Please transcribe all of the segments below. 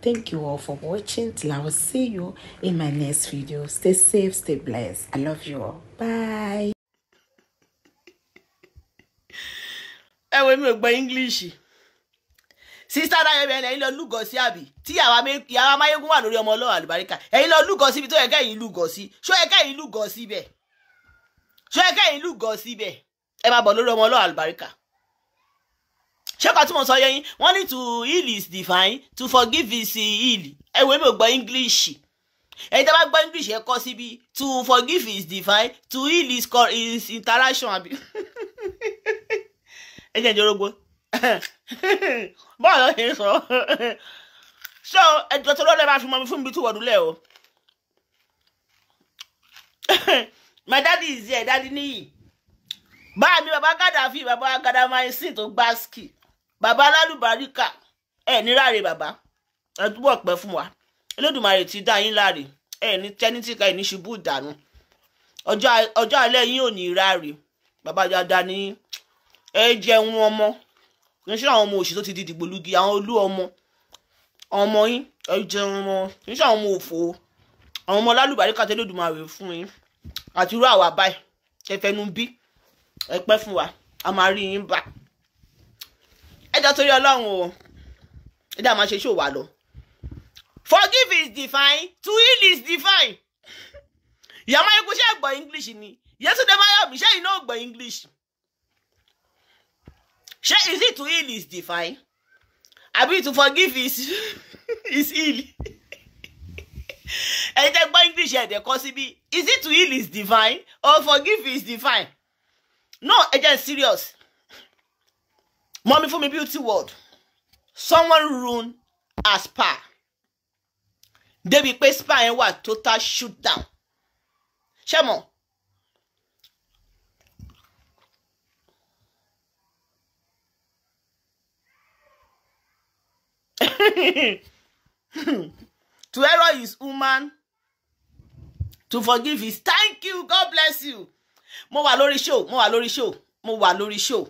Thank you all for watching. Till I will see you in my next video. Stay safe, stay blessed. I love you all. Bye. ẹ wo mi ò gbọ́ English sísá dáyọ bí ẹni lọ lúgọ sí àbí tí yàrá máyégún wà lórí ọmọ ọlọ́wà àlùbáríkà ẹ̀yin lọ lúgọ síbi tó yẹ kẹ́yìn lúgọ sí ṣó yẹ kẹ́yìn lúgọ síbẹ̀ ṣó yẹ kẹ́yìn lúgọ síbẹ̀ ẹ máa bọ̀ lórí ọmọ ọlọ́wà àlùbáríkà ṣé kàtí mo sọ yẹ yín wọ́n ní to heal is divine to forgive is heal ẹ̀wẹ̀ mi ò gbọ́ english ẹ̀yin tí a bá gbọ́ english ẹ kọ síbi to forgive is divine to heal is, is interaction àbí ẹ jẹ́ ìjọ́rọ́gbó bọ́ọ̀lù ṣe ń sọ so ẹ̀dùn tó lọ́lẹ́ máa fi mọ́ mi fún mi tí wọ́n dúlẹ̀ o my daddy is here daddy níyì báà mi bàbá gàdáfì bàbá gàdámáìsìn tó gbáàsì bàbá alálùbáríkà ẹ ní ráre bàbá ẹ túbọ̀ pẹ́ fún wa Elédùmarè ti dá yín láre ẹ ní tẹ́ni tí ká ẹ ní ṣubú ìdànù ọjọ́ alẹ́ yín ò ní ráre bàbá dáadáa ní ẹ jẹun ọmọ kì í ṣe àwọn ọmọ òṣì tó ti di dìgbòlugi àwọn olú ọmọ ọmọ yín ẹ jẹun ọmọ kì í ṣe àwọn ọmọ òfò àwọn ọmọ alálùbáríkà tẹ́lẹ̀dùmarè fún yín àti irú àwa báyìí ẹ fẹnu bí ẹ pẹ́ fún wa a máa rí yín bá ẹ torí ọlọ́run o ẹ máa ṣe ṣòwò àlọ́ forgive is divine to heal is divine ìyàmọ́ ikú ṣe gbọ́ english ni yẹtúndé mayomi ṣé iná gbọ́ english ṣé is it to heal is divine àbí to forgive is is heal ẹ̀yin tẹ́ gbọ́ english ẹ̀ dẹ̀ kọ́ síbí is it to heal is divine or forgive is divine no ẹ jẹ́ serious Mommy for me beauty world. Someone ruined a spa. Débi pé spa yẹn wà total shoot down. Ṣé mọ̀? to error is human to forgive is thank you God bless you mo wà lórí show mo wà lórí show mo wà lórí show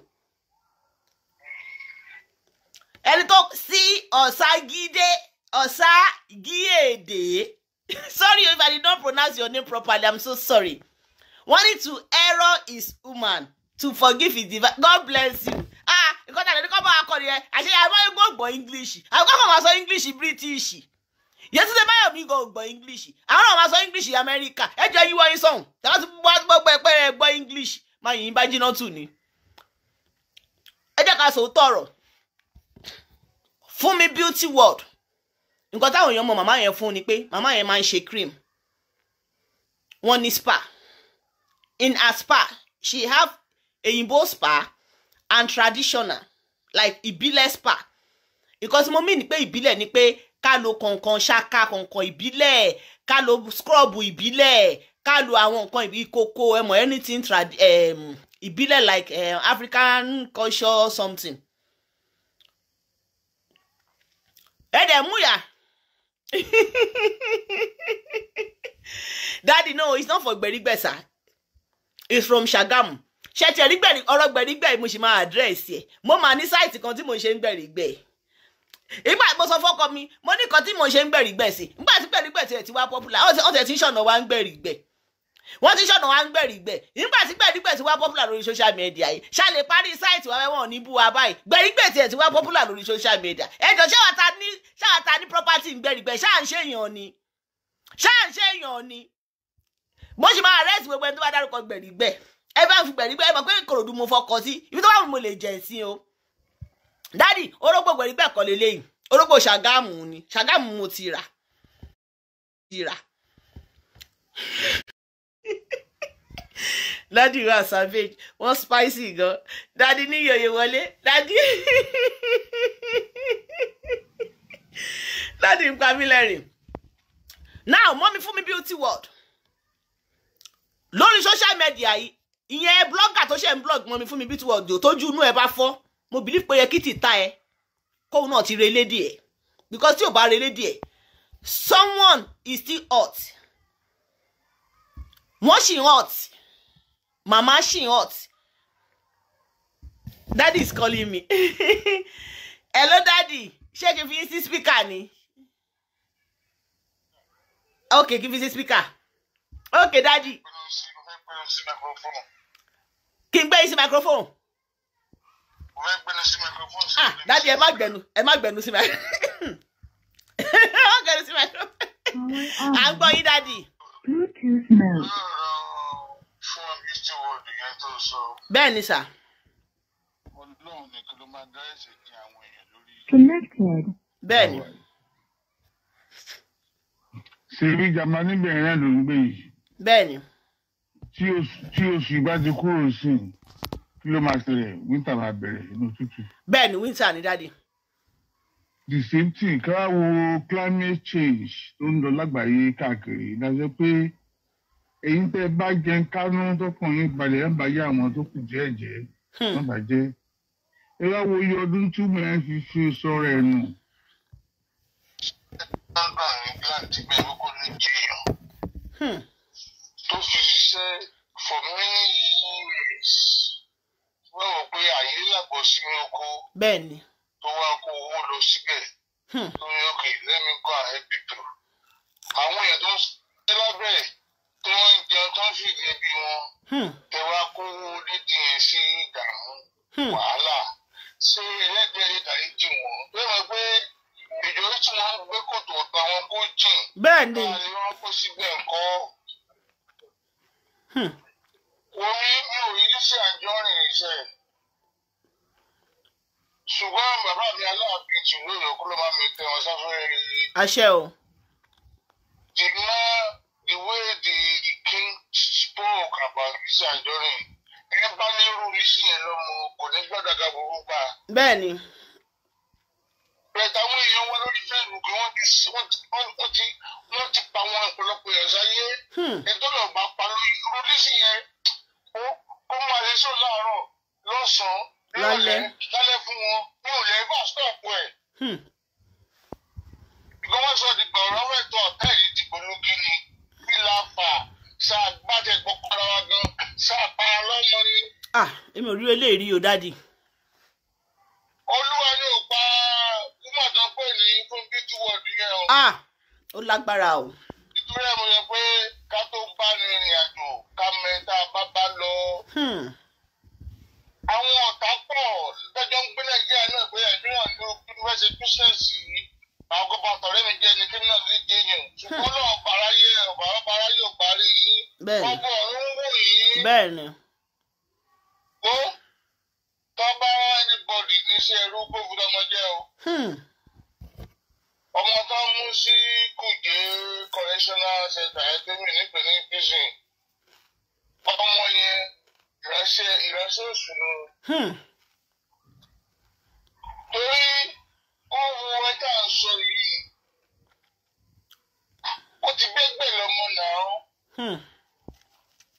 ẹni tó sí ọ̀ságídé ọ̀ságíèdè sorry if I did not pronounce your name properly I'm so sorry Wanting ní to error is human to forgive is divine God bless you ah nǹkan tàbí ẹni kọ́ bá wa kọ́ nìyẹn àṣẹ àbá yóò gbọ́ English àwọn kọ́kọ́ máa sọ English British yẹtí ṣe báyọ̀ mi gbọ́ English àwọn náà máa sọ English America ẹ jẹ́ yíwọ́ yín sọ̀hún tàbí wọ́n ti gbọ́ pẹ́ẹ́pẹ́ẹ́ gbọ́ English máa yìnyín bá jiná tù ní ẹ jẹ́ ká sòótọ́ ọ̀rọ̀ Fúnmi Beauty World nǹkan táwọn èèyàn mọ màmá yẹn fún ni pé màmá yẹn máa ń ṣe cream wọ́n ní spa in her spa she have eyinbo spa and traditional like ìbílẹ̀ spa nǹkan tí mo mean ni pé ìbílẹ̀ ni pé ká lo kọ̀ọ̀kan ṣáká kọ̀ọ̀kan ìbílẹ̀ ká lo scrub ìbílẹ̀ ká lo àwọn nǹkan ìkókó ẹmọ anything ìbílẹ̀ like eh, African culture something ede eh, mụ daddy no it's not for gbẹ̀rígbẹ̀ sir it's from Ṣàgámù ṣẹ̀tì ẹ̀rígbẹ̀rí ọ̀rọ̀ gberigbe mo ṣì máa address ẹ̀ mo máa ní sáìtì kan tí mo ṣe ń gbẹ̀rígbẹ̀ ìgbà mo sọ fọ́kọ mi mo ní kan tí mo ṣe ń gbẹ̀rígbẹ̀ sí ìgbà tí gbẹ̀rígbẹ̀ tiẹ̀ ti wá popular ọ̀tẹ̀ ọ̀tẹ̀ tí ń ṣọ̀nà wa ń gbẹ̀rígbẹ̀ wọ́n ti ṣọ̀nà wa ń gbẹ̀rìgbẹ̀ nígbà tí gbẹ̀rìgbẹ̀ ti wá popular lórí social media yìí ṣàlè parí sáìtì wàá wọ́n ní bú wa báyìí gbẹ̀rìgbẹ̀ tiẹ̀ ti wá popular lórí social media ẹ̀jọ̀ ṣáà ta ní ṣáà ta ní property gbẹ̀rìgbẹ̀ ṣáà ń ṣe èèyàn ni ṣáà ń ṣe èèyàn ni mo ṣì máa arrest gbogbo ẹni tó bá dárúkọ gbẹ̀rìgbẹ̀ ẹ bá fi gbẹ̀rìgbẹ̀ ẹ mọ̀ pé kòròdú mo fọkọ sí ibi tó bá wù mo lè jẹ̀ sí o dádì orógbò gbẹ̀rìgbẹ̀ kọ́ lélẹ́yìn orógbò ṣàgámù ni ṣàgámù mo ti rà Daddy was savage wọ́n spicy gan Daddy, ni yo wọlé dádì daddy, ń pa mí lẹ́rìn now mommy, fún mi beauty world lórí social media yìí ìyẹn blogger tó ṣe blog mommy, fún mi beauty world tójú inú ẹ bá fọ́ mo believe pé yẹ kí ti ta ẹ kóun náà ti relé díẹ̀ because tí ò bá relé díẹ̀ someone is still hot wọ́n sì hot mama she hot daddy is calling me hello daddy ṣé kí n fi yín sí speaker ni ok kí n fi sí speaker ok daddy kí n gbé yín sí microphone. ah daddy ẹ má gbẹnu ẹ má gbẹnu sí microphone ẹ má gbẹnu sí microphone ah. à ń gbọ́ yín daddy bẹ́ẹ̀ ni sà. ọlọ́run nìkan ló máa dá ẹ̀sẹ̀ kí àwọn èèyàn lórí. connected. bẹ́ẹ̀ ni. ṣèbí jamani bẹ̀rẹ̀ náà ló ń gbé yìí. bẹ́ẹ̀ ni. tí oṣù bá ti kúrò sí i kí ló máa ṣẹlẹ̀ wíńtà máa bẹ̀rẹ̀ inú tútù. bẹ́ẹ̀ ni wíńtà ni dáàdi. the same thing ká wo climate change tó ń lọ lágbàáyé káàkiri dájọ́ pé èyí tẹ bá jẹ kánú tó kàn yín balẹ̀ ẹ̀ bá yá àwọn tó kù jẹ́ ẹ̀jẹ̀ hmm. wọ́n bá jẹ́ ẹ wá wo iye ọdún tí mo yẹn fi fi sọ̀rọ̀ ẹ̀ nù. sábà ní gíláàdì bẹ́ẹ̀ kó ní jẹyàn hmm. tó fi ṣiṣẹ́ for many years wọ́n rò pé àyè làbọ̀ sínú oko tó wá kó owó lọ síbẹ̀ lórí hmm. òkè let me go àwọn èèyàn tó ń ṣe lábẹ́ tí wọ́n ń jẹun tó ń fi jẹ̀bi wọn. Hmm. ẹ wá kówó dídì yẹn sí ìdààmú hmm. wàhálà ṣé ẹlẹ́dẹ̀ẹ́ lè dàrí jì wọ́n. bí wọ́n gbé ìjọba tí wọ́n gbé kòtò ọ̀tá wọn kó jìn. bẹ́ẹ̀ ni báwa ni wọ́n kó síbẹ̀ ńkọ́. wọ́n hmm. ní mi ò rí iléeṣẹ́ àjọrin iṣẹ́ ṣùgbọ́n bàbá mi aláàbí tìlú ìrọ̀kúlọ́ máa mi tẹ wọn sáfẹ́rẹ́ yìí. àṣẹ o. ìgbìmọ̀ the way the king spoke about Lizzy Anjorin ẹ bá nírú Lizzy yẹn lọ́mọ kò ní gbọ́dọ̀ ga burú bá. bẹ́ẹ̀ni. bẹ́ẹ̀ni àwọn èèyàn wọn lórí Facebook wọn ti wọn ti wọn ti pa àwọn ọ̀pọ̀lọpọ̀ èèyàn sáyé. ìtọ́nà hmm. ọ̀gbà pa irú Lizzy yẹn ó ó máa lè sọ láàárọ̀ lọ́sàn-án lálẹ́ lálẹ́ fún wọn mi ò lè bá stọọpù ẹ. ìgbọ́n dìgbà ọ̀rọ̀ ẹ̀tọ́ ọ̀tá yìí dìgbò lógin ni kí la fà ṣàgbàjẹ gbọ́kọ́ wa gan ṣàpá ọlọ́mọ ni. ah èmi ò rí eléyìí o dáàdì. olúwa yóò pa kúmọ̀ pè ní fúnkí tí wọ́n di yẹn o. ah ó lágbára o. ìtura mi yẹ pé ká tó bá ní ìrìn àjò ká mẹ́ta bá bá lọ. Hmm. àwọn ọ̀tá pọ̀ lọ́jọ́ ń gbé nàìjíríà náà pé nàìjíríà ló kí wọ́n bísíǹsì yìí àwọn kọ́kọ́ sọ̀rọ̀ mi jẹ́ ni criminal ti dé yẹn ṣùgbọ́n náà paráyé ọ̀bàrọ̀ paráyé ò parí yín ọgbọ́n ọ̀run wò yín. bẹ́ẹ̀ni. ó tọ́ba anybody ní sí ẹrú gbòògùn lọ́mọ jẹ́ o. Hmm. ọmọ tó ń mú sí Kuje correctional center ẹgbẹ́mì nípínlẹ̀ prison ọmọ yẹn ìránṣẹ́ ìránṣẹ́ òṣùnú. Hmm. torí ọrùn rẹ tá ń sọ yìí ó ti gbégbé lọmọ náà hmm.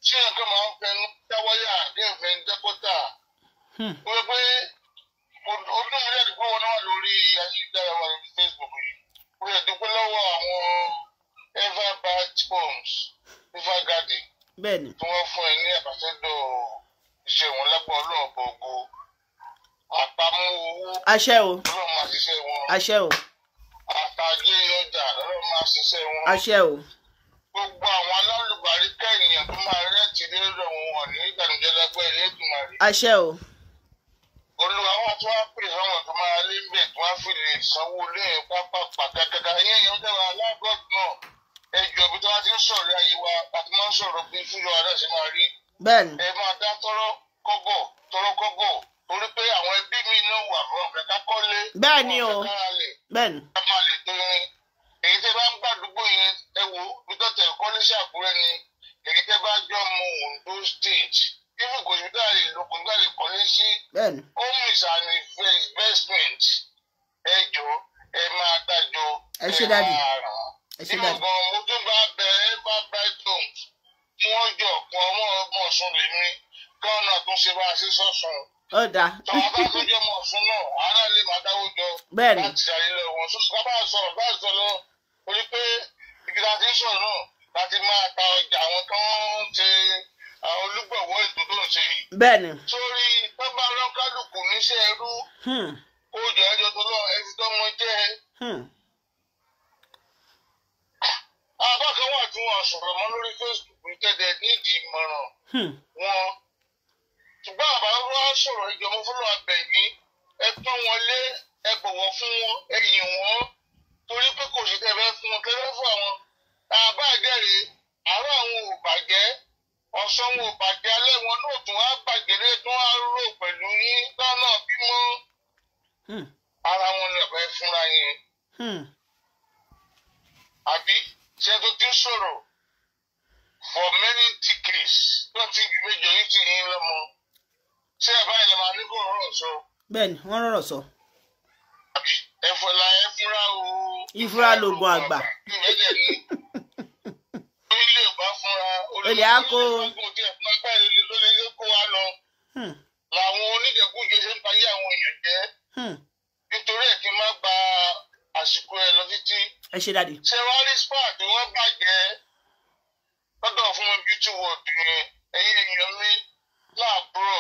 ṣé ẹgbẹ́ máa ń fẹnu dáwọ́yà hmm. ní ìfẹ́ ń dákọ́tà wọ́n pé ọdún mi lẹ́nu pé náà lórí ayélujára wà lórí Facebook yìí wọ́n yẹ dúpẹ́ lọ́wọ́ àwọn ever bad homes river garden tí wọ́n fún ẹ ní àbáṣẹ́dọ̀ ìṣe lápá ọlọ́ọ̀bọ̀ ogo àpamọ́ owó àṣẹ o ọlọ́run máa ṣiṣẹ́ wọn àṣẹ o àtàgé ọjà ọlọ́run máa ṣiṣẹ́ wọn àṣẹ o gbogbo àwọn alálùbárí kẹ́yìn tó máa rẹ́ẹ̀tì lérò wọn ní ìgbàlódélẹ́gbẹ́ elédùnmarè. àṣẹ o. olùwà wọn tó wá pè fáwọn tó máa lé bẹ̀ tó wá fi lè sanwó lẹ́yìn pápá kàkàkà yẹn yẹn dára alágọ́d náà ẹjọ́ ibi tí wọ́n ti sọ̀rọ̀ ayé àti máa sọ̀rọ̀ pé fúnjọ́ adá rí. bẹ́ẹ̀ni. ẹ máa dá tọ́rọ́ kọ́bọ̀ tọ́rọ́ kọ́bọ̀ iná wà fún ọ̀fẹ́ ká kọ́lé. bẹ́ẹ̀ni o bẹ́ẹ̀ni. a máa lè tó irin èyí tẹ́ bá ń gbàdúgbò yẹn ẹ wo bí tọ́tẹ̀ ẹ̀kọ́ ní sàkúrẹ́ ni èyí tẹ́ bá jọ mu Ondo state ibi kò sí dáa lè lo kò sí dáa lè kọ́lé sí. bẹ́ẹ̀ni. investment ẹ jọ ẹ máa dájọ ẹ máa rà ẹ ṣe mo tún bá bẹ ẹ bá bright homes fún ọjọ́ kan ọmọ ọmọ ọ̀sùn lèmi gọ́ọ̀nà tó ṣe bá a ṣe sọ̀sọ̀. ó dáa. tọ́wọ́ bá tó jẹ́ mọ̀ fún náà ará lè máa dáwọ́ jọ. bẹ́ẹ̀ni láti ṣàyẹ̀lẹ̀ wọn sọ́sọ́ ṣe àwọn olùgbọ̀wọ́ hmm. tó lọ ẹni tó mọ jẹ́. Hmm. àwọn kan wà tí wọ́n sọ̀rọ̀ mọ́ lórí Facebook nítorí nídìí ìmọ̀ràn hmm. wọn sọ̀rọ̀ ìjọ mo fọlọ́ abẹ̀ ní ẹ pọ́n wọn lé ẹ bọ̀wọ̀ fún wọn ẹ yìn wọ́n torí pé kò sí tẹ̀fẹ́ fún wọn tẹ̀fẹ́ fún àwọn àbá àgẹ̀rẹ̀ àárọ̀ àwọn ò bàjẹ́ ọ̀sán wọn ò bàjẹ́ alẹ́ wọn náà tún á bàjẹ́ lé tún á rò pẹ̀lú yín lọ́nà bímọ hmm. ara wọn lè fẹ́ fúnra yẹn hmm. àbí ṣe tó ti sọ̀rọ̀ for many decades tó ti gbẹjọ yìí ti yín lọ́mọ ṣé ẹ báyìí lè máa ní kó rọrọ sọ. bẹ́ẹ̀ni wọn rọrọ sọ. ẹfọlá ẹfúra o. ìfúra lògùn àgbà. orílẹ̀ bá fúnra olè àkó. olè kó wa lọ. Hmm. làwọn oníjẹkújẹ ṣe ń parí àwọn èèyàn jẹ́. Hmm. nítorí ẹ̀ kí n gba àsìkò ẹ lọ títí. ẹ ṣe dáadé. ṣé wàá rí spa bàjẹ́ lọ́dọ̀ fún mi beauty world ni ẹ̀yin èèyàn mi láàbúrò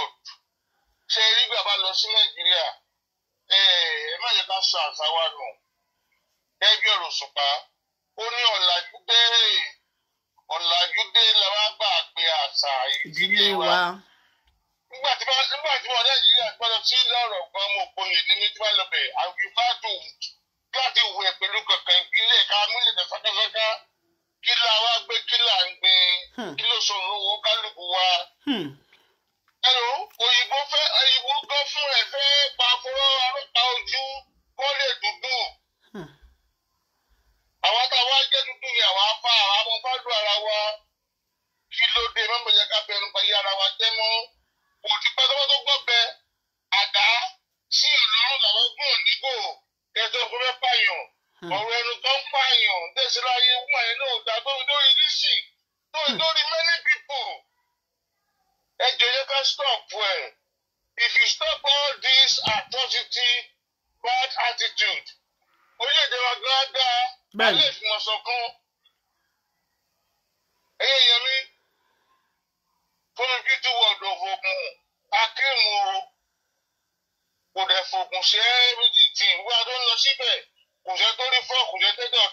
ṣe rí bí a bá lọ sí nàìjíríà ẹ má yẹ ká sọ àṣà wa nù ẹbí ọ̀rọ̀ Òṣùpá ó ní ọ̀làjú dé ọ̀làjú dé làwọn àgbà pé àṣà ìdílé wa nígbà tí wọn nígbà tí wọn nàìjíríà gbọ́dọ̀ sí lọ́rọ̀ gan mo kò lè ní méjì wá lọbẹ àgbìbádùn láti wù ẹ pẹ̀lú kankan ìpínlẹ̀ ká múlẹ̀ tẹ fákáfáká kí la wá gbé kí là ń gbé hmm. kí ló sọ òun owó kálukú wa. Hmm ẹ̀rọ òyìnbó fẹ́ òyìnbó gan fún ẹ̀ fẹ́ pa fúnra ọlọ́pàá ojú kó lè dúdú. Hmm. àwọn táwa jẹ́ dúdú ni àwa fa àwọn bá lu ara wa kí ló dé mọ́mọ́ yẹ ká bẹnu pa yí ara wa jẹ́ mọ́ kò ní pẹ́ẹ́tọ́ tó gbọ́ bẹ àdá sí ìlọrun làwọn gbọ́n nígbò kẹtọ́ fún fẹ́ pààyàn hmm. ọ̀rọ̀ ẹnu tó ń pààyàn tẹ̀síláyé wúmọ̀ yẹn náà dá lórí lórí lísì lórí many people ẹ jẹ̀yẹ́ ká stop Well, if you stop all this atrocity bad attitude orílẹ̀-èdè wa gan dáa alẹ́ ìfìmọ̀ ṣọ̀kan ẹ̀yẹ yẹn mi fúnmi tí wọ́n dọ̀ fògùn akérò kò dẹ̀ fògùn ṣe é méjì ìwé adó ń lọ síbẹ̀ kò jẹ́ tó rí fọ́ kò jẹ́ tẹ́jọ́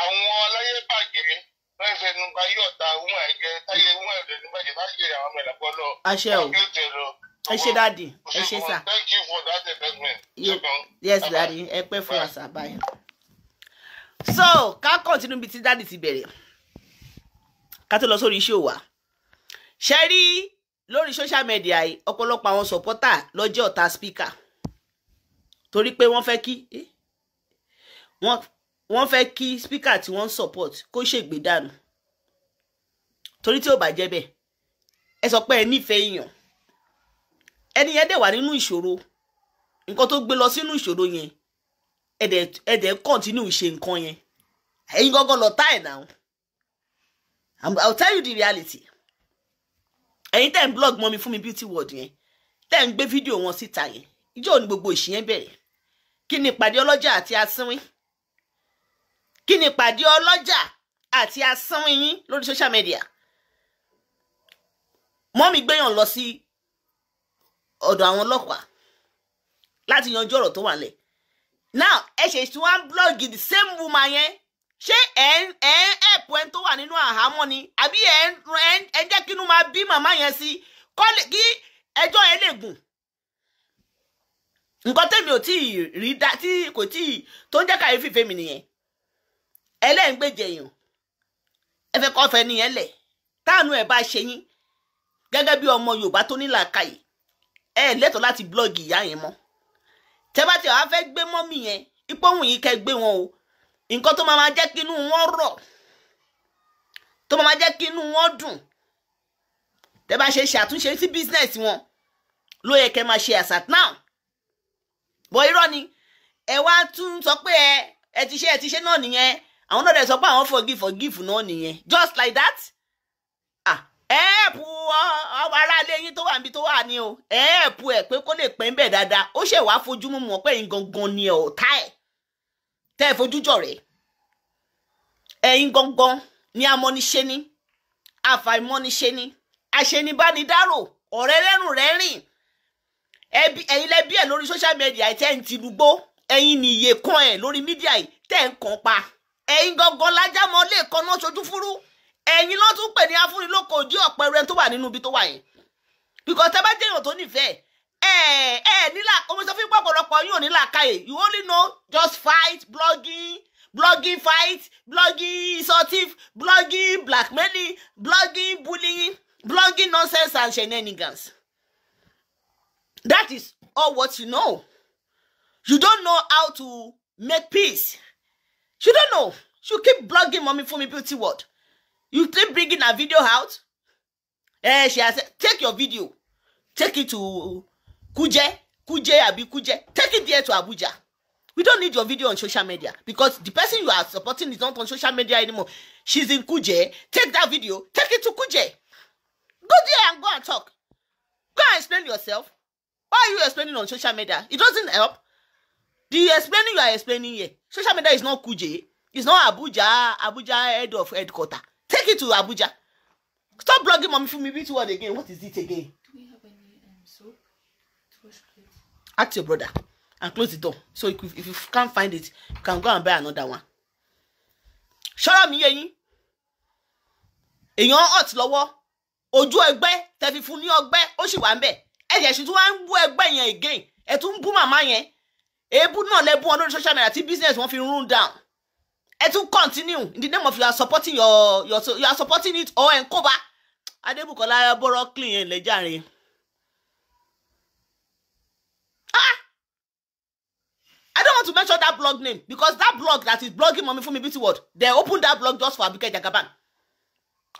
àwọn aláyé bàjẹ́ bẹ́ẹ̀ ṣe nípa yí ọ̀tá ohun ẹ̀jẹ̀ táyé ohun ẹ̀jẹ̀ nípa ìjẹ́ bá ṣe àwọn ọmọ ìlàpọ̀ lọ. àṣẹ o ẹ ṣe dáàdì ẹ ṣe sà. thank you for that yes dáàdì ẹ pẹ́ fún wa sábà yẹn. so ká kọ́ntínú bíi ti dáàdì ti bẹ̀rẹ̀ ká tó lọ sórí iṣẹ́ òwà ṣe rí lórí social media yìí ọ̀pọ̀lọpọ̀ àwọn sọ̀pọ́tà lọ́jọ́ ọ̀tá speaker torí pé wọ́n fẹ́ kí eh, wọ́n wọ́n fẹ́ kí speaker tí wọ́n ń support kó ṣègbè dànù torí tí ò bá jẹ́ bẹ́ẹ̀ ẹ sọ pé ẹ nífẹ̀ẹ́ èèyàn ẹni yẹn dẹ̀ wà nínú ìṣòro nǹkan tó gbé lọ sínú ìṣòro yẹn ẹ̀dẹ̀ ẹ̀dẹ̀ continue ṣe nǹkan yẹn ẹ̀yin gángan lọ tá ẹ̀ náà i will tell you the reality ẹ̀yin tẹ̀ ń blog mọ́ mi fún mi beauty world yẹn tẹ̀ ń gbé fídíò wọn síta yẹn ìjọ́ òní gbogbo ìṣìyẹn bẹ̀rẹ̀ kí ni ìpàdé ọlọ́jà àti asínwín kí ni ìpàdé ọlọ́jà àti asán yín lórí social media mọ́mí gbéyàn lọ sí ọ̀dọ̀ àwọn ọlọ́pàá láti yanjú ọ̀rọ̀ tó wà lẹ̀ now ẹ ṣe tí wọ́n blog the same woman yẹn ṣé ẹ ń ẹ ń ẹ̀pù ẹni tó wà nínú àhámọ́ ni àbí ẹ ń ẹ ń jẹ́ kí inú máa bí màmá yẹn sí kí ẹjọ́ yẹn lè gùn nǹkan tẹ̀mí ò tí ì rí dá tí kò tí ì tó ń jẹ́ káyé fífẹ́ mi nìyẹn ẹlẹ́ǹgbèjẹ èèyàn ẹ fẹ́ kọ́ fẹ́ nìyẹn lẹ̀ táànù ẹ̀ bá ṣe yín gẹ́gẹ́ bí ọmọ yorùbá tó ní làákàyè ẹ lẹ́tọ̀ọ́ láti blọ́ọ̀gì ìyá yẹn mọ́ tẹ́bátì a fẹ́ gbé mọ́mì yẹn ipò òun yìí kẹ́ gbé wọn o nǹkan tó máa ma jẹ́ kí inú wọn rọ̀ tó máa ma jẹ́ kí inú wọn dùn tẹ́ bá ṣe ṣàtúnṣe sí bísínẹ́sì wọn ló yẹ kẹ́ máa ṣe àṣàt náà bọ̀ irọ́ ni ẹ wá tún sọ pé ẹ ẹ ti ṣe ẹ ti ṣe náà nìyẹn àwọn náà dẹ̀ sọ pé àwọn forgive forgive náà nìyẹn just like that ẹ̀ẹ́pù ah, ọmọ aráalé yín tó wà níbi tó wà ní o ẹ̀ẹ́pù ẹ̀ pé kó lè pẹ́ ń bẹ̀ dáadáa ó ṣe wàá fojú mú mọ̀ pé ẹ̀yin gangan ni ọ̀tá ẹ̀ tẹ́ ẹ̀ fojú jọ̀ rẹ̀ ẹ̀yin gangan ni amọ́niṣe ni àfàìmọ́niṣe ni àṣenibánidárò ọ̀rẹ́ lẹ́rù rẹ̀ rìn ẹ̀yin lẹ́bí ẹ̀ lórí social media ẹ̀ tẹ́ ń ti dùgbò ẹ̀yin nìyẹn kan ẹ̀ lórí mídíà ẹ̀ ń kan pa ẹ̀yin gangan lájàmọ́ lè kaná ṣojú fúrú ẹ̀yin ló tún pè ní afúnilóko òdí ọ̀pẹ rẹ tó wà nínú ibi tó wà yẹn bíkọ́ tẹ́ bá jẹ́ èèyàn tó nífẹ̀ẹ́ ẹ ẹ nílà omi sọ fún pọ̀pọ̀lọpọ̀ yóò nílà káyè you only know just fight blogging blogging fight blogging insultive blogging blackmailing blogging bullying blogging nonsense and shenanigans that is all what you know you don't know how to make peace She don't know. She keep blogging mommy for me beauty word. You keep bringing a video out. Eh, she has said, take your video. Take it to Kuje. Kuje Abi Kuje. Take it there to Abuja. We don't need your video on social media because the person you are supporting is not on social media anymore. She's in Kuje. Take that video. Take it to Kuje. Go there and go and talk. Go and explain yourself. Why are you explaining on social media? It doesn't help the explaining you are explaining here social media is not kuje it's not abuja abuja head of headquarter take it to abuja stop blogging mami fún mi which word again what is it again. do we have any um, soap to wash clothes. ask your brother and close the door so if, if you can't find it you can go and buy another one. ṣọ́rọ̀ mi yé yín èèyàn hot lọ́wọ́ ojú ẹgbẹ́ tẹ̀fí fún ní ọgbẹ́ ó sì wà ń bẹ̀ ẹ̀jẹ̀ sì tún wá ń bú ẹgbẹ́ yẹn again ẹ̀ tún ń bú màmá yẹn èébú náà lẹ́bùn wọn lórí social media tí business wọn fi run down ẹ tún continue in the name of you are supporting your your you are supporting it or encoba adébùkọ́lá bọ́rọ̀ clean yẹn lẹ́jàre. Ah! I don't want to mention that blog name because that blog that is blogging Mummy Funmi Beauty World, they opened that blog just for Abike Jagaban.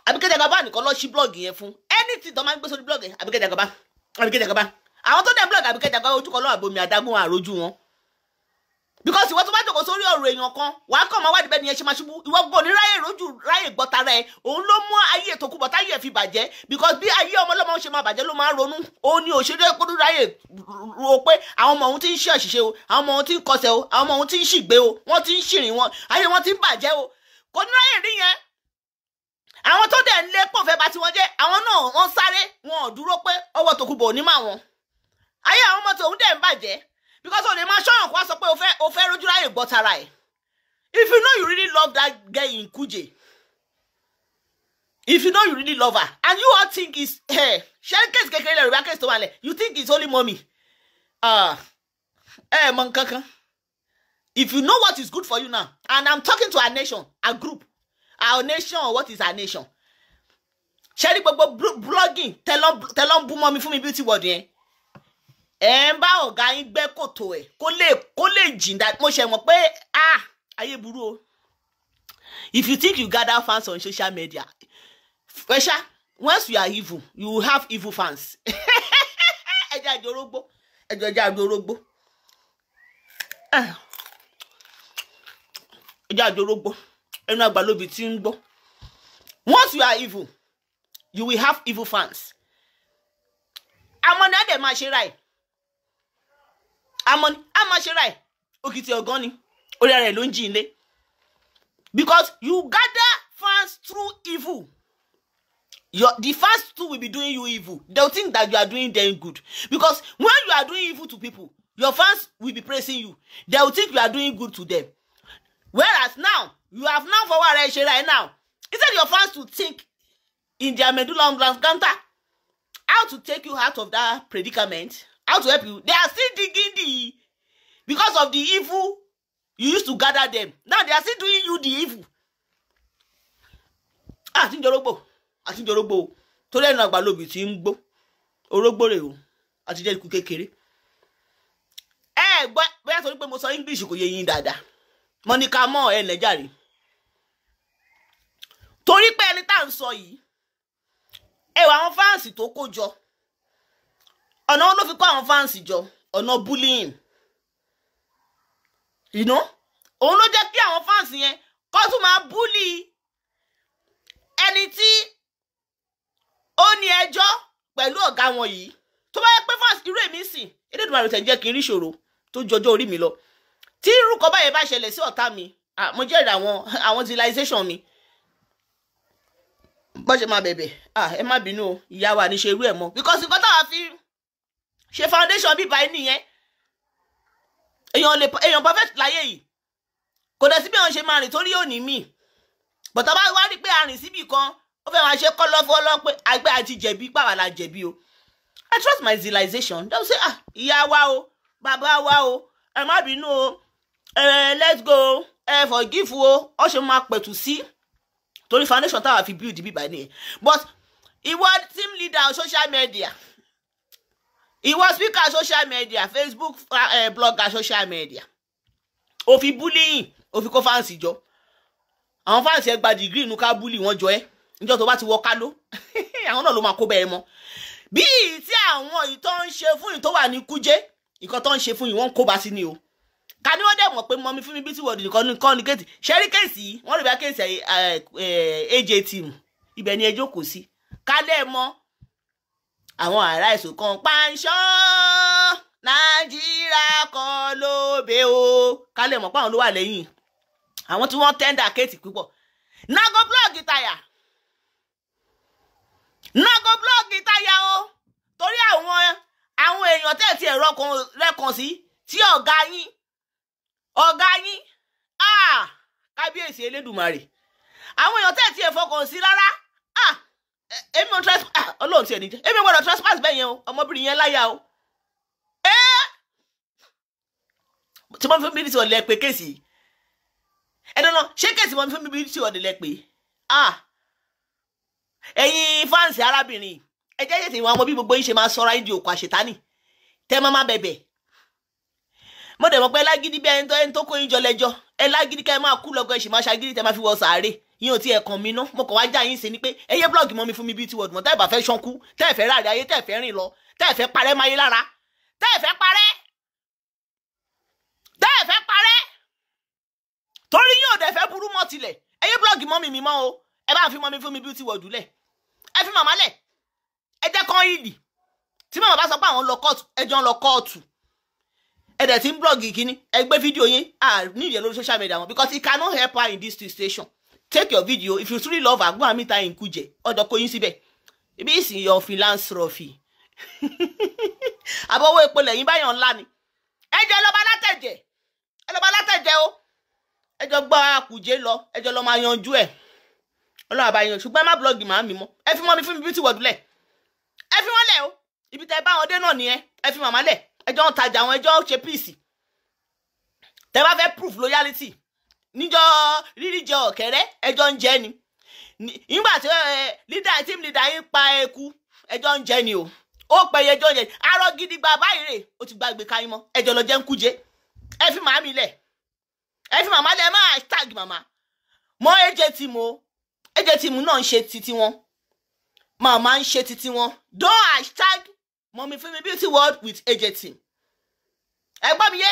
Abike Jagaban nìkan ló ṣí blog yẹn fún. Anything tó máa ń gbé sórí blog Abike Jagaban, Abike Jagaban. Àwọn tó dẹ̀ blog Abike Jagaban ojú kan lọ́wọ́ àbomi adágún àròjù wọn because ìwọ tó bá jókòó sórí ọ̀rọ̀ èèyàn kan wàá kàn máa wádìí bẹ́ẹ̀ ni ẹ ṣe máa ṣubú ìwọ gbọ́ ní ráyè rojú ráyè gbọ́ta rẹ òun ló mú ayé ètò kúbọ̀ táyé ẹ̀ fi bàjẹ́ because bí ayé ọmọ ọlọ́mọ ṣe máa bàjẹ́ ló máa ń ronú òun ni òṣèré kúrú ráyè ro pé àwọn ọmọ òun ti ń ṣe àṣìṣe o àwọn ọmọ òun ti ń kọsẹ̀ o àwọn ọmọ òun ti ń ṣìgbé o wọ́n ti ń ṣìrìn wọn ayé wọn ti ń bàjẹ́ o kò ní ráyè rí yẹn àwọn tó dẹ̀ ń lé pọ̀fẹ́ bá tiwọn jẹ́ àwọn náà because òní máa ṣọ́yàn kó wá sọ pé o fẹ́ o fẹ́ rójú ráyè gbọ́ tara ẹ̀ if you know you really love that girl in kuje if you know you really love her and you all think is ẹ ṣẹ́rí kéèsì kékeré lẹ́rù bá kéèsì tó wà lẹ̀ you think is only mommy ẹ ah, ẹ mọ nǹkan if you know what is good for you now and i'm talking to our nation our group our nation or what is our nation ṣẹ́rí gbogbo blogging tẹ́lọ́ ń bú mọ́ mi fún mi beauty world yẹn ẹ ń bá ọ̀gá yín gbẹ́ kòtò ẹ̀ kó lè kó lè jìn dá mo ṣe mọ̀ pé ah ayé burú o if you think you gather fans on social media ẹ̀ṣá once you are evil you will have evil fans ẹjọ ẹjọ orógbó ẹjọ ẹjọ ẹjọ orógbó ẹjọ ẹjọ orógbó ẹnu àgbàlóbi tí ń gbọ́ once you are evil you will have evil fans àmọ́ náà dẹ̀ máa ṣe ra ẹ̀ àmọ́ ni a máa ṣe ra ẹ̀ òkìtì ọ̀gán ni orí ara ẹ̀ ló ń jí ilé because you gather fans through evil your the fans too will be doing you evil they will think that you are doing them good because when you are doing evil to people your fans will be praising you they will think you are doing good to them whereas now you have now for wara ẹsẹ right now instead your fans to think in their medulla oblongata how to take you out of that predicament how to help you they are still digging the because of the evil you used to gather them now they are still doing you the evil ah àti njọrọgbò àti njọrọgbò torí ẹnu àgbà lóbi tí ń gbó orógbó rè o àti jẹ́ ikú kékeré ẹ gbọ́ bẹ́ẹ̀ sọ pé mo sọ english kò yé yín dáadáa mo ní ká mọ̀ ẹ lẹ́jàre torí pé ẹni tá à ń sọ yìí ẹ wà àwọn fáǹsì tó kó jọ ọ̀nà ló fi kó àwọn fáǹsì jọ ọ̀nà bullying you know òun ló jẹ́ kí àwọn fáǹsì yẹn kó tún máa búlì ẹni tí ó ní ẹjọ́ pẹ̀lú ọ̀gá wọn yìí tó bá yẹ pé fáǹsì irú èmi sì eré ìdùnnú àròtẹ̀ jẹ́ kí n rí ìṣòro tó jọjọ́ orí mi lọ tí irú kan báyẹn bá ṣẹlẹ̀ sí ọ̀tá mi mo jẹ́rìí àwọn àwọn civilization mi bọ́n ṣe máa bẹ̀bẹ̀ ẹ má bínú o ìyá wa ní ṣe irú ẹ̀ mọ́ because nǹkan táwa fi ṣe foundation bíbá ẹ nìyẹn èèyàn lè èèyàn perfect láyé yìí kò dẹ̀ sí bí wọ́n ṣe máa rìn torí ò ní mì bọ̀tà bá wá rí pé àrìn síbì kan ó fẹ́ máa ṣe kọ́lọ́fọ́lọ́ pé àgbẹ̀ àti jẹ̀bi pàwà la jẹ̀bi o I trust my civilization dem say ah ìyá wa o bàbá wa o ẹ má bínú o ẹ let's go ẹ forgive o ọ ṣe máa pẹ̀tù sí torí foundation táwa fi build bíbá nìyẹn but ìwọ team leader social media ìwọ speaker social media facebook uh, blogger social media ó fi bullying ó fi kó fáǹsì jọ àwọn fáǹsì ẹ gba degree inú ká bully wọn jọ ẹ níjọ́ tó bá ti wọ kálọ àwọn náà ló máa kó bẹ́ẹ̀ mọ́ bíi tí àwọn ìtọ́ ń ṣe fún ìtọ́ wà ní kújẹ́ ìkan tó ń ṣe fún ìwọ́n kó bá sí ni o ká ní wọ́n dẹ̀ mọ̀ pé mọ́mí fún mi bí tí wọ́n dìde kọ́ ní kéètì ṣẹ́rí kéèsì yìí wọ́n lè bá kéèsì AJ team ibẹ̀ ni ẹjọ́ kò sí ká lẹ́ẹ̀ mọ́ àwọn ará Èṣó kan panṣọ́ nàìjíríà kan lóbe o kálẹ̀ mọ̀ páwọn ló wà lẹ́yìn àwọn tí wọ́n tẹ́ndà kéètì púpọ̀ nago blọọgì tayà nago blọọgì tayà o torí àwọn àwọn èèyàn tẹ̀sí ẹ̀rọ kan lẹ́kan sí tí ọ̀gá yín ọ̀gá yín ah, kábíyèsí elédùmarè àwọn èèyàn tẹ̀sí ẹ̀fọ́ kan sí rárá ah èmi ò trespass ah, ọlọ́run ti ẹ̀ níjẹ́ èmi ò gbọ́dọ̀ trespass bẹ́ẹ̀ yẹn o ọmọbìnrin yẹn láyà o eh! tí wọ́n fi bíbí ti ọ̀lẹ́ pé kéèsì ẹ eh, dáná ṣé kéèsì wọ́n fi bíbí ti ọ̀lẹ́ pé ẹ̀yin fáǹsì arábìnrin ẹ jẹ́ jẹ́ tèmi àwọn ọmọ bí gbogbo yín ṣe máa sọra yín di òkú àṣetánì tẹ́ máa máa bẹ̀bẹ̀ mo dẹ̀ mọ̀ pé ẹlágídí bí ẹni tó kó yín jọ lẹ́jọ́ ẹlágídí ká ẹ máa kú lọ́gọ́ ẹ ṣì máa ṣagídí tẹ́ máa fi wọ sàárè yín ò tiẹ̀ kàn mí ná mo kàn wá já yín sí ni pé ẹ yé mọ́ mi fún mi beauty world mọ́ tẹ́ ẹ bá fẹ́ ṣánkú tẹ́ ẹ fẹ́ ráàrí ayé tẹ́ ẹ fẹ́ rìn lọ tẹ́ ẹ fẹ́ parẹ́ máyé lára tẹ́ ẹ fẹ́ parẹ́ tẹ́ ẹ fẹ́ parẹ́ torí yín ò dẹ̀ fẹ́ burú mọ́ tilẹ̀ ẹ yé mọ́ mi mi mọ́ o ẹ bá fi mọ́ mi fún mi beauty world lẹ̀ ẹ fi màmá lẹ̀ ẹ jẹ́ kán ìlì tí màmá bá sọ pé àwọn lọ kóòtù ẹ jọ ń lọ kóòtù ẹ̀dẹ̀ tí ń blọ́ọ̀gì kínní ẹ gbé fídíò yín à nídìí lórí social media wọn because it cannot help her in this situation take your video if you truly love her go and meet her in Kuje ọ̀dọ̀ Koyi síbẹ̀ ibi ìsìn your philanthropy àbọ̀wọ́ epo lẹ́yìn báyọ̀ ńlá ni ẹjọ́ lọ́ba látẹ̀jẹ̀ ẹ lọ́ba látẹ̀jẹ̀ o ẹjọ́ gbọ́ àkùjẹ́ lọ ẹjọ́ lọ́ máa yanjú ẹ̀ ọlọ́run àbá yan ṣùgbọ́n ẹ má blọ́ọ̀gì màá mi mọ́ ẹ fi mọ́ mi fún mi bíútì wọ̀dúlẹ̀ ẹ fi wọ́n lẹ̀ o ibi tẹ́ bá wọn dé náà nìyẹn ẹ fi màmá lẹ̀ ẹjọ́ ń tajà àwọn ẹjọ́ ṣe píìsì tẹ́ bá fẹ́ proof loyalty níjọ ríríjẹ ọ̀kẹ́rẹ́ ẹjọ́ ń jẹ ni nígbà tí lídà team lídà yín pa eku ẹjọ́ ń jẹ ni o ó pẹ̀yẹ ẹjọ́ ń jẹ arọ gidi gba báyìí rè ó ti gbàgbé káyín mọ́ ẹjọ́ lọ jẹ́ ń kújẹ ẹ fi màmá mi lẹ̀ ẹ fi màmá lẹ̀ máa tag màmá mọ ẹjẹ tí mo ẹjẹ tí náà ń ṣe titi wọn màmá ń ṣe titi wọn don hashtag mọ̀mí fún beauty world with ẹjẹ tí ẹ gbọ́ mi yé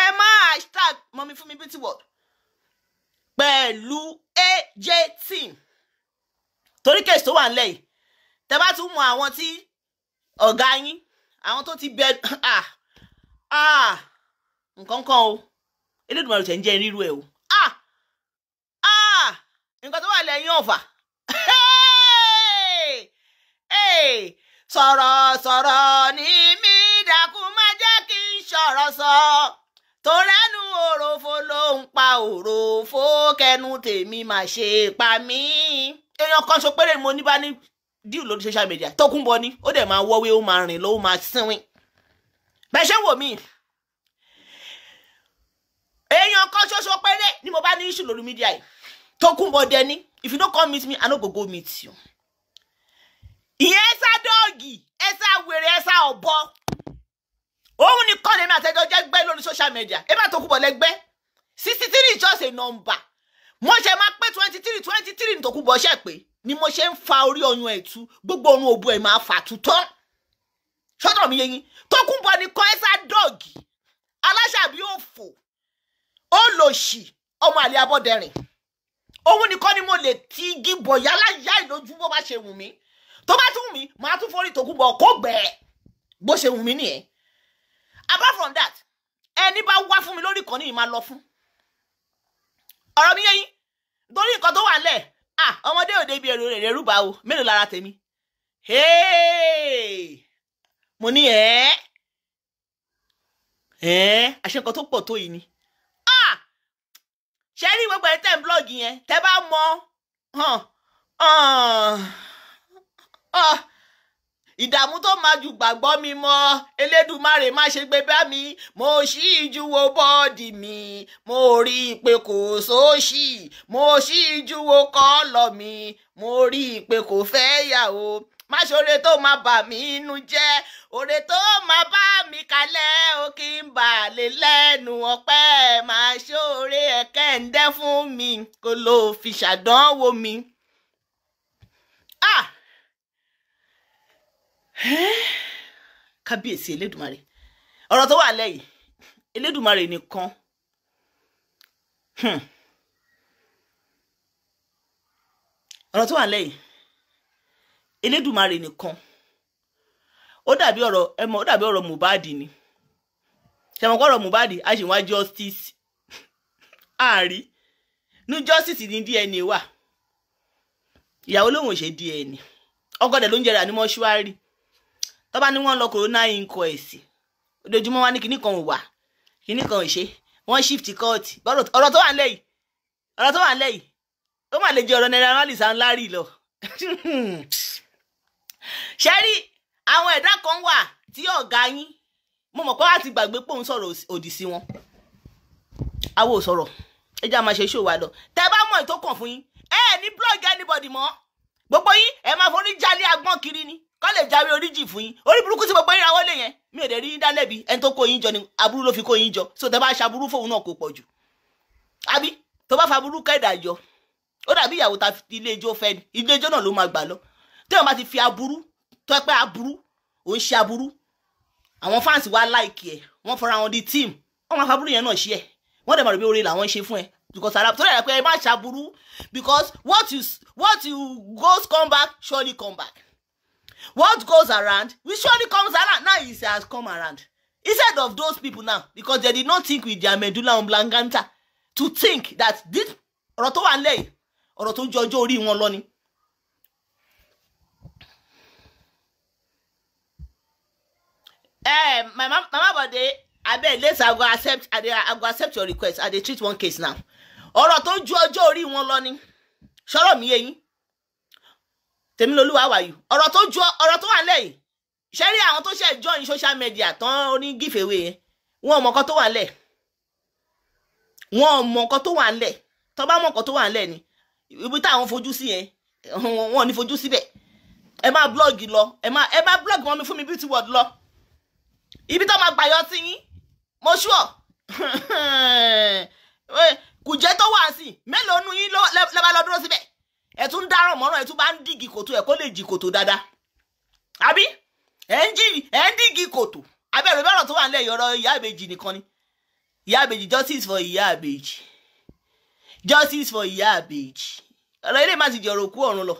ẹ máa hashtag mọ̀mí fún beauty world pẹ̀lú AJT torí kèsì tó wà ńlẹ̀ yìí tẹ bá tún mọ àwọn tí ọ̀gá yín àwọn tó ti bẹ ah ah nǹkan kan o elédùnmọ̀rù tẹ̀ ń jẹ́ ríru ẹ̀ o ah ah nǹkan tó wà lẹ́yìn ọ̀fà sọ̀rọ̀ sọ̀rọ̀ ni mí dákun má jẹ́ kí n sọ̀rọ̀ sọ tó rẹ́ òròfó ló ń pa òròfó kẹnu tèmi mà ṣe pa mí. èèyàn kan sọ péré ni mo ní bá ní díù lórí social media tókùn bọ ni ó dẹ̀ máa wọ́wé ó máa rìn lọ ó máa sínwín. bẹ́ẹ̀ ṣe wò mí èèyàn kan ṣoṣo péré ni mo bá ní issue lórí mídíà yìí tókùn bọ dẹni if you no come meet me i no go go meet you. ìyẹn ẹsà dọ́ọ̀gì ẹsà wèrè ẹsà ọ̀bọ òun nìkan lèmi àtẹjọ jẹ́ gbẹ́ lórí social media èmi àtòkùbọ̀ lẹ́gbẹ́ sixty three is just a number mo ṣe máa pé twenty three twenty three nìtòkùbọ̀ ṣẹ̀ pé ni mo ṣe ń fa orí ọyún ẹ̀ tú gbogbo orun òbu ẹ̀ máa fà tú tán ṣọ́tọ̀ mi yẹyin tókùnbọ̀ nìkan ẹ̀ sá dọ́ọ̀gì aláṣàbí òfò olòṣì ọmọ àlè abọ́dẹrìn òun nìkan ni mo lè ti igi bọ̀ yálà yá ìlójú bó bá ṣe wù mí tó bá tún wù mí màá tún forí tókùnbọ̀ kó gbẹ̀ẹ́ bó ṣe wù mí nìyẹn apart from that ẹni bá wá fún mi lórí ìkànnì yìí máa lọ fún ọ̀rọ̀ mi yé yín torí nǹkan tó wà ńlẹ̀ ah ọmọdé òde ibi èrò rẹ̀ rúbà o mélòó lára tèmi mo ní ẹ́ ẹ́ àṣẹ nǹkan tó pọ̀ tó yìí ni ah ṣe rí gbogbo ẹ̀ tẹ̀ ń blọ́ọ̀gì yẹn tẹ́ bá mọ̀ hàn hàn ìdààmú tó máa ju gbàgbọ́ mi mọ́ elédùmarè má ṣe gbé bá mi mo ṣí ìjúwo bọ́ọ̀dì mi mo rí i pé kò sóòṣì mo ṣí ìjúwo kọ́ọ̀lọ̀ mi mo rí i pé kò fẹ́ yà o má ṣoore tó máa bà mí inú jẹ́ òrè tó máa bá mi kalẹ̀ ó kí n bà lè lẹ́nu ọpẹ́ má ṣoore ẹ̀kẹ́ ń dẹ́ fún mi kó ló fi ṣàdánwò mi. ah kábíyèsí elédùnmarè ọ̀rọ̀ tó wà lẹ́yìn elédùnmarè nìkan hmm. ọ̀rọ̀ tó wà lẹ́yìn elédùnmarè nìkan ó dàbí ọ̀rọ̀ ẹmọ ó dàbí ọ̀rọ̀ Mohbad ni ṣàmùkọ́ ọ̀rọ̀ Mohbad a ṣì wá justice àárí ní justice ní DNA wà ìyàwó lòun ò ṣe DNA ọkọ dẹ̀ ló ń jẹrà ní mọ́ṣúárì tó bá ní wọ́n lọ corona inquest ojoojúmọ́ wa ní kinní kan ò wà kinní kan ṣe wọ́n shift court ọ̀rọ̀ tó wà ń lẹ́yìn ọ̀rọ̀ tó wà ń lẹ́yìn ó mà lè jẹ́ ọ̀rọ̀ Naira Marley Sanlari lọ. ṣe rí àwọn ẹ̀dá kan wà tí ọ̀gá yín mo mọ̀ pé wá ti gbàgbé pòun sọ̀rọ̀ òdì sí wọn àwo sọ̀rọ̀ ẹ jẹ́ àmàṣe ṣòwò àlọ́ tẹ́ bá mọ̀ ètò kàn fún yín ẹ ní blog anybody mọ́ gbogbo yín ẹ máa forí jálé agbọ́n kiri ni kọ́ lè jáwé oríjì fún yín orí burúkú tí gbogbo yín ra wọlé yẹn mi ò dẹ̀ rí yín dálẹ́bi ẹni tó kó yín jọ ni aburú ló fi kó yín jọ so tẹ bá ṣe aburú fóun náà kò pọ̀ jù àbí tó bá fa aburú kẹ́ẹ̀dà yọ ó dàbí ìyàwó ta ilé ijó fẹ́ ni ilé ijó náà ló máa gbà lọ téèyàn bá ti fi aburú tó ẹ pé aburú ò ṣe aburú àwọn fáǹsì wa láìkì ẹ wọ́n fọra wọn di tíìmù wọ́n máa fa aburú yẹn náà ṣe ẹ wọ́n dẹ̀ mọ̀ rẹ̀ bí oore làwọn ṣe fún ẹ because ara tó dẹ̀ pé ẹ má ṣaburú because what you what you go come back surely come back What goes around, which surely comes around. Now it has come around. Instead of those people now, because they did not think with their medulla oblongata to think that this ọ̀rọ̀ tó wà ń lẹ́yìn ọ̀rọ̀ tó jọjọ́ orí wọn lọ ni. Eh, my mama, mama Bode, abeg later I go accept I, dey, I go accept your request I dey treat one case now. ọ̀rọ̀ tó ju ọjọ́ orí wọn lọ ni ṣọ́rọ̀ mi yé yín tèmi lolúwa wà yìí ọ̀rọ̀ tó ju ọ̀rọ̀ tó wà lẹ́yìn ṣe rí àwọn tó ṣe join social media tán oní gífèwé yẹn wọn ò mọ nǹkan tó wà lẹ̀ wọn ò mọ nǹkan tó wà lẹ̀ tó bá mọ nǹkan tó wà lẹ̀ ni ibi táwọn fojú sí yẹn wọn ò ní fojú síbẹ̀ ẹ máa blọ́ọ̀gì lọ ẹ máa ẹ máa blọ́ọ̀gì wọn mi fún mi beauty world lọ ibi tó máa gbàyọ sí yín mo ṣúọ kùjẹ́ tó wà sí mélòó nu yín lọ́ba lọ dúró síbẹ̀ ẹ tún dáràn mọ́ràn ẹ tún bá ń dìgì kòtò ẹ kó lè jì kòtò dáadáa àbí ẹ ń jì ẹ ń dìgì kòtò abẹ́rẹ́ bẹ́rọ̀ tó wà nílẹ̀ yọ̀rọ̀ ìyá àbèjì nìkan ni ìyá àbèjì justice for ìyá àbèjì justice for ìyá àbèjì ọ̀rọ̀ ilé máa ti jọ̀rọ̀ òkú ọ̀run lọ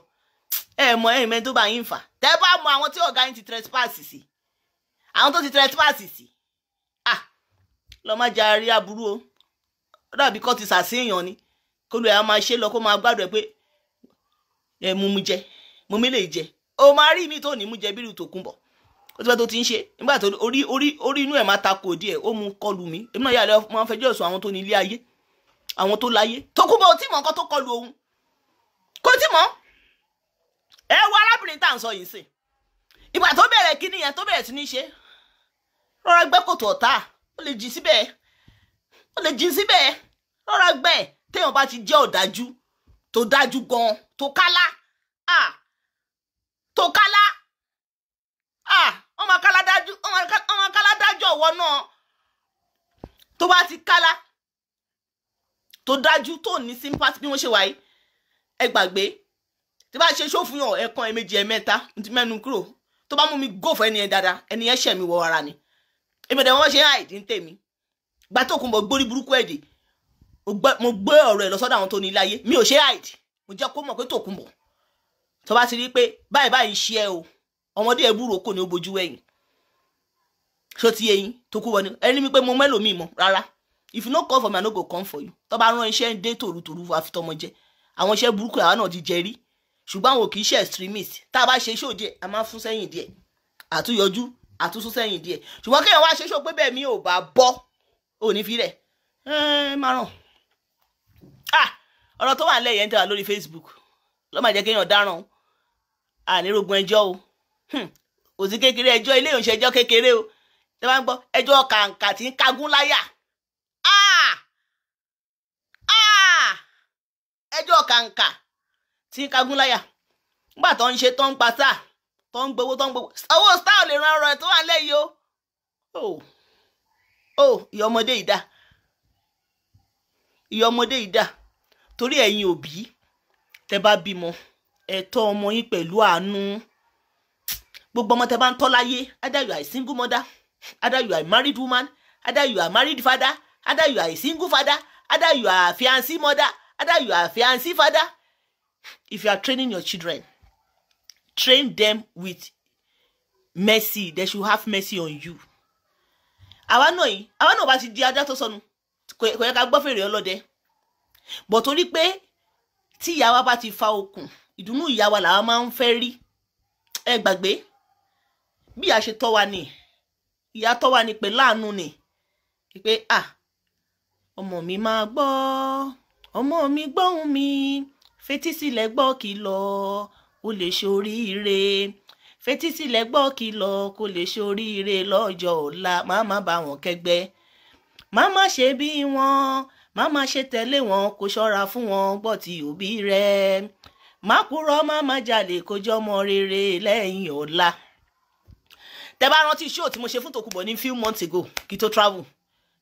ẹ mọ ẹ̀yìn mẹ́rin tó bá yín fà tẹ́ bá mọ àwọn tí ọ̀gá yín ti trespass sí àwọn tó ti trespass sí à lọ má jàre aburú o ó dàbí kó ti sàṣeyàn ni kó lu ẹ̀ máa ṣe lọ kó máa gbádùn ẹ pé ẹ mú mú lè jẹ o máa rí mi tó ní mú jẹ bírù tó kún bọ̀ ó ti pẹ́ tó ti ń ṣe nígbà tó orí orí orí inú ẹ̀ máa ta kò díẹ̀ ó mu kọlù mi èmi náà yàrá máa ń fẹjọ́ sùn àwọn tó ní ilé ayé àwọn tó láyé tó kún bọ̀ ó tì nǹkan tó kọlù òun kò tì mọ̀ ẹ wo arábìnrin tá à ń sọ yìí sìn ìgbà tó bẹ̀rẹ̀ kíní yẹn tó bẹ̀rẹ̀ sí ní ṣe rọra gbẹ́ kòtò ọ̀tá ó lè jìn síbẹ̀ ó lè jìn síbẹ̀ rọra gbẹ́ téèyàn bá ti jẹ́ ọ̀dájú tó dájú gan tó kálá ah tó kálá ah ọmọ kálá dájú ọmọ kálá dájú ọ̀wọ́ náà tó bá ti kálá tó dájú tó ní sympathy bí wọ́n ṣe wáyé ẹ gbàgbé tí bá ṣe ṣòfihàn ẹ̀kan ẹ̀mejì ẹ̀mẹ́ta ti mẹ́nu kúrò tó bá mú mi gòfò ẹni yẹn dáadáa ẹni yẹn ṣẹ̀ mi wọ ara ni èmi ọ̀dẹ̀ wọn ṣe hide ní tèmi gbàtòkùnbọ̀ gbórí burúkú ẹ̀dẹ̀ mo gbé ọ̀rọ̀ ẹ̀ lọ sọ́dọ̀ àwọn tó ní ilé ayé mi ò ṣe àìdì mo jẹ́ kó mọ̀ pé tòkunbọ̀ tó bá ti rí pé báyìí báyìí ṣe ẹ o ọmọdé ẹ búrò kò ní ó bojú ẹ̀yìn ṣó ti ẹ̀yin tó kú wọnú ẹni mi pé mo mẹ́lòmíì mọ̀ rárá if you no come for me i no go come for you tó bá rán iṣẹ́ ń dé tòrutòru àfitọ́mọ jẹ àwọn iṣẹ́ burúkú àwa náà ti jẹ rí ṣùgbọ́n àwọn kì í ṣe extremist tá a bá ṣe show a máa fún sẹ́yìn díẹ̀ àtúyọjú àtúnṣún sẹ́yìn díẹ̀ ṣùgbọ́n kéèyàn wá ṣe show pé bẹ́ẹ̀ mi ò bá bọ́ òní fi rẹ̀ ẹ́ẹ́ márùn-ún ọ̀rọ̀ tó wà ń lẹ́yìn ẹ̀ ń tẹ̀wá lórí Facebook ló máa jẹ́ kéèyàn dáràn ànírógun ẹjọ́ o hmm. kò sí kékeré ẹjọ́ ilé ìyànṣẹ́ ẹjọ́ kékeré o tẹ́ bá ń gbọ́ ẹjọ́ kàǹkà tí ń kagún láyà ẹjọ́ kàǹkà tí ń kagún láyà nígbà tó ń ṣe tó ń pa sáà tó ń gbowó tó ń gbowó owó star lè ran ọ̀rọ̀ ẹ̀ tó wà lẹ́yìn o ìyá ọmọdé yìí dá ìyá ọmọdé yìí dá torí ẹ̀yin òbí tẹ bá bímọ ẹ tọ́ ọmọ yín pẹ̀lú àánú gbogbo ọmọ tẹ bá ń tọ́ láyé either you are a single mother either you are a married woman either you are a married father either you are a single father either you are a fiancé mother either you are a fiancé father if you are training your children train them with mercy they should have mercy on you àwa náà yìí àwa náà bá ti di ajá tó sọnù kò yẹ ká gbọ́ fèrè ọlọ́dẹ bọ̀ torí pé tí ìyá bá ti fa okùn ìdùnnú ìyá wa làwa máa ń fẹ́ rí ẹ gbàgbé bí ìyá ṣe tọ́ wa ni ìyá tọ́ wa ni pé láàánú ni pé à ọmọ mi máa gbọ́ ọmọ mi gbọ́hùn mi fetísílẹ̀ gbọ́ kìlọ̀ o lè ṣoríire fetísílẹ̀ gbọ́ kìlọ̀ kò lè ṣoríire lọ́jọ́ ọ̀la má má bá wọn kẹ́gbẹ́ má má ṣe bí wọn má má ṣe tẹ̀lé wọn kó ṣọ́ra fún wọn gbọ́ ti òbí rẹ má kúrò má má jalè kó jọmọ rere lẹ́yìn ọ̀la. tẹ bá rántí show tí mo ṣe fún tòkùbọ̀ ní few months ago kí tó travel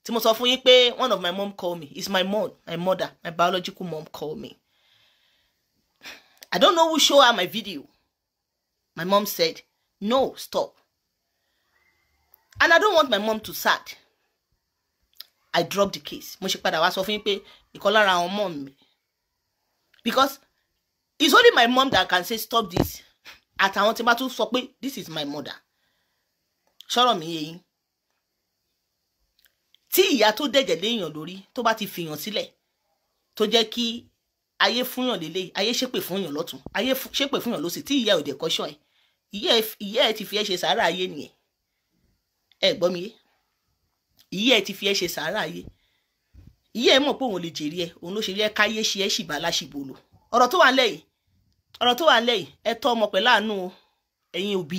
tí mo sọ fún yín pé one of my mom call me it's my mom my mother my biological mom call me I don't know who show her my video my mom said no stop and I don't want my mom to sad i dropped the case mo ṣe padà wá sọ fún yín pé ìkan àwọn ọmọ mi because it's only my mom that can say stop this àtàwọn tí n bá tún sọ pé this is my mother ṣọ́rọ̀ mi yé yín tí ìyá tó dẹ̀jẹ̀ léèyàn lórí tó bá ti fìyàn sílẹ̀ tó jẹ́ kí ayé fúnyàn lélẹ̀ ayé ṣépè fúnyàn lọ́tún ayé ṣépè fúnyàn lọ́sì tí ìyá ò dẹ̀ kọ́ṣọ́ ẹ̀ ìyá ẹ̀ ti fi ẹ́ ṣe sàárà ayé nìyẹn ẹ gbọ́ mi yé ìyá ẹ ti fi ẹ ṣe sàárà yé ìyá ẹ mọ̀ pé òun lè jèrè ẹ òun ló ṣe rí ẹ káyé ṣe ẹ ṣìbá láṣìbòlò ọ̀rọ̀ tó wà lẹ́yìn ọ̀rọ̀ tó wà lẹ́yìn ẹ tọ́ ọmọ pẹ̀lú àánú ẹ̀yin òbí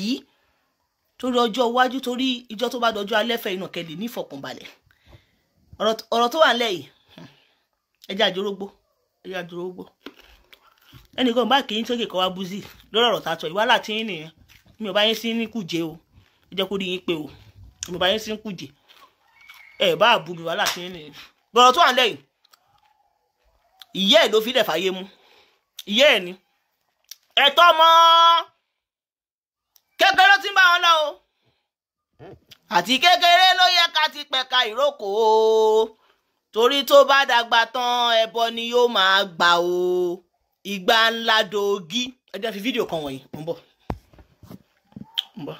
torí ọjọ́ iwájú torí ìjọ tó bá dọjọ́ alẹ́ fẹ́ iná kẹ́lẹ̀ nífọ̀kànbalẹ̀ ọ̀rọ̀ tó wà lẹ́yìn ẹ jẹ́ àjọrógbó ẹ jẹ́ àjọrógbó ẹnìkan bá kì í kọ́ wa búzì lórí ọ̀rọ̀ tààtọ̀ ìwá láti ń nìyẹn mi ò bá yín sí ní kùjẹ́ o ẹ yín pé o mi ò bá yín sí ní kùjẹ́ ẹ bá bu mi wàhálà sí ní bọ̀rọ̀ tó wà lẹ́yìn ìyá ẹ̀ ló fi lẹ̀ fàyè mu ìyá ẹ̀ ni ẹ̀tọ́ ọmọ kékeré tí ń bá wọn lọ o àti kékeré ló yẹ ká ti pẹ̀ka ìrókò o torí tó bá dàgbà tán ẹbọ ni yóò máa gbà o ìgbà ńlá dòógì ẹ jẹ́ fi fídíò kan wọ̀nyí mo ń bọ̀ mo ń bọ̀.